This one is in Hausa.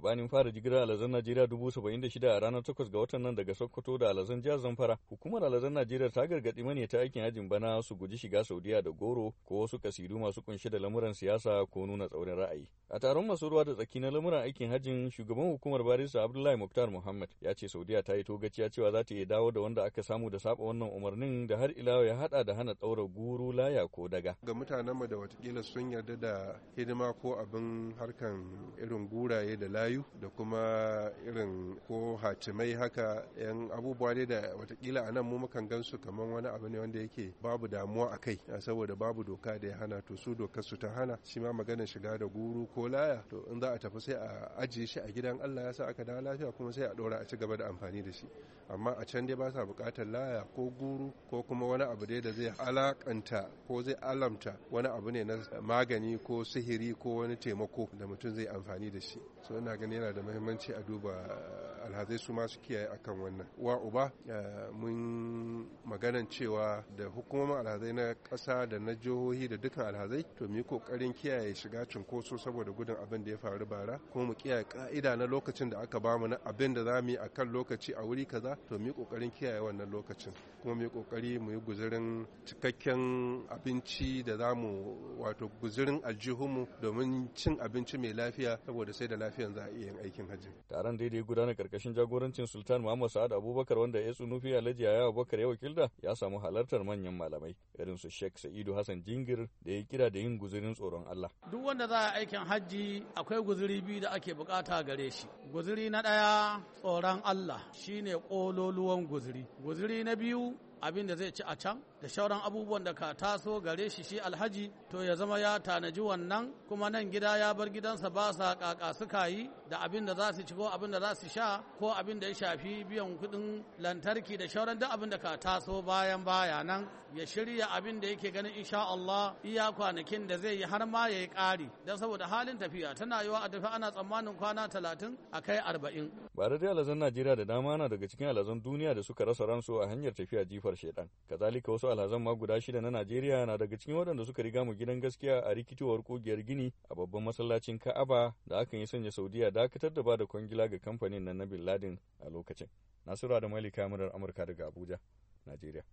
gabanin fara jigilar alazan najeriya dubu saba'in da shida a ranar takwas ga watan nan daga sokoto da alazan jihar zamfara hukumar alazan najeriya ta gargaɗi ta aikin ajin bana su guji shiga saudiya da goro ko wasu kasidu masu kunshi da lamuran siyasa ko nuna tsaurin ra'ayi a taron masu ruwa da tsaki na lamuran aikin hajin shugaban hukumar barisa abdullahi muktar muhammad ya ce saudiya ta yi togaciya cewa za ta iya dawo da wanda aka samu da saba wannan umarnin da har ila ya hada da hana ɗaura guru laya ko daga ga mutanenmu da watakila sun yarda da hidima ko abin harkan irin guraye da laya layu da kuma irin ko hatimai haka yan abubuwa dai da watakila a nan mu mukan su kamar wani abu ne wanda yake babu damuwa a kai saboda babu doka da ya hana to su dokar su ta hana shi ma maganar shiga da guru ko laya to in za a tafi sai a ajiye shi a gidan Allah ya sa aka dawo lafiya kuma sai a dora a ci gaba da amfani da shi amma a can dai ba sa bukatar laya ko guru ko kuma wani abu dai da zai alakanta ko zai alamta wani abu ne na magani ko sihiri ko wani taimako da mutum zai amfani da shi so gani yana da muhimmanci a duba eh, alhazai su masu kiyaye akan wannan wa uba eh, mun maganan cewa da hukumomin alhazai na ƙasa da na jihohi da dukkan alhazai to mu yi ƙoƙarin kiyaye shiga cunkoso saboda gudun abin da ya faru bara kuma mu kiyaye ka'ida na lokacin da aka bamu na abin da za mu yi a kan lokaci a wuri kaza to mu yi ƙoƙarin kiyaye wannan lokacin kuma mu yi ƙoƙari mu yi guzurin cikakken abinci da za mu wato guzurin aljihunmu domin cin abinci mai lafiya saboda sai da lafiyan za iya yin aikin hajji. Taron daidai gudana karkashin jagorancin Sultan Muhammad Sa'ad Abubakar wanda ya tsunufi Alhaji Yaya Abubakar ya wakilta ya samu halartar manyan malamai irin su Sheikh Sa'idu Hassan Jingir da ya kira da yin guzurin tsoron Allah. Duk wanda za a aikin hajji akwai guzuri biyu da ake bukata gare shi. Guzuri na ɗaya tsoron Allah shine kololuwan guzuri. Guzuri na biyu abin da zai ci a can da shauran abubuwan da ka taso gare shi shi alhaji to ya zama ya tanaji wannan kuma nan gida ya bar gidansa ba sa kaka suka yi da abin da za su ci ko abin da za su sha ko abin da ya shafi biyan kuɗin lantarki da shauran duk abin da ka taso bayan baya nan ya shirya abin da yake ganin insha Allah iya kwanakin da zai yi har ma ya yi ƙari don saboda halin tafiya tana yiwa a tafi ana tsammanin kwana talatin a kai arba'in. Ba da alazan Najeriya da dama na daga cikin alazan duniya da suka rasa ransu a hanyar tafiya jifa jifar shaidan kazalika wasu alhazan ma guda shida na najeriya na daga cikin waɗanda suka riga mu gidan gaskiya a rikitowar kogiyar gini a babban masallacin ka'aba da aka yi sanya saudiya dakatar da bada kwangila ga kamfanin nan na bin ladin a lokacin nasura da malika murar amurka daga abuja najeriya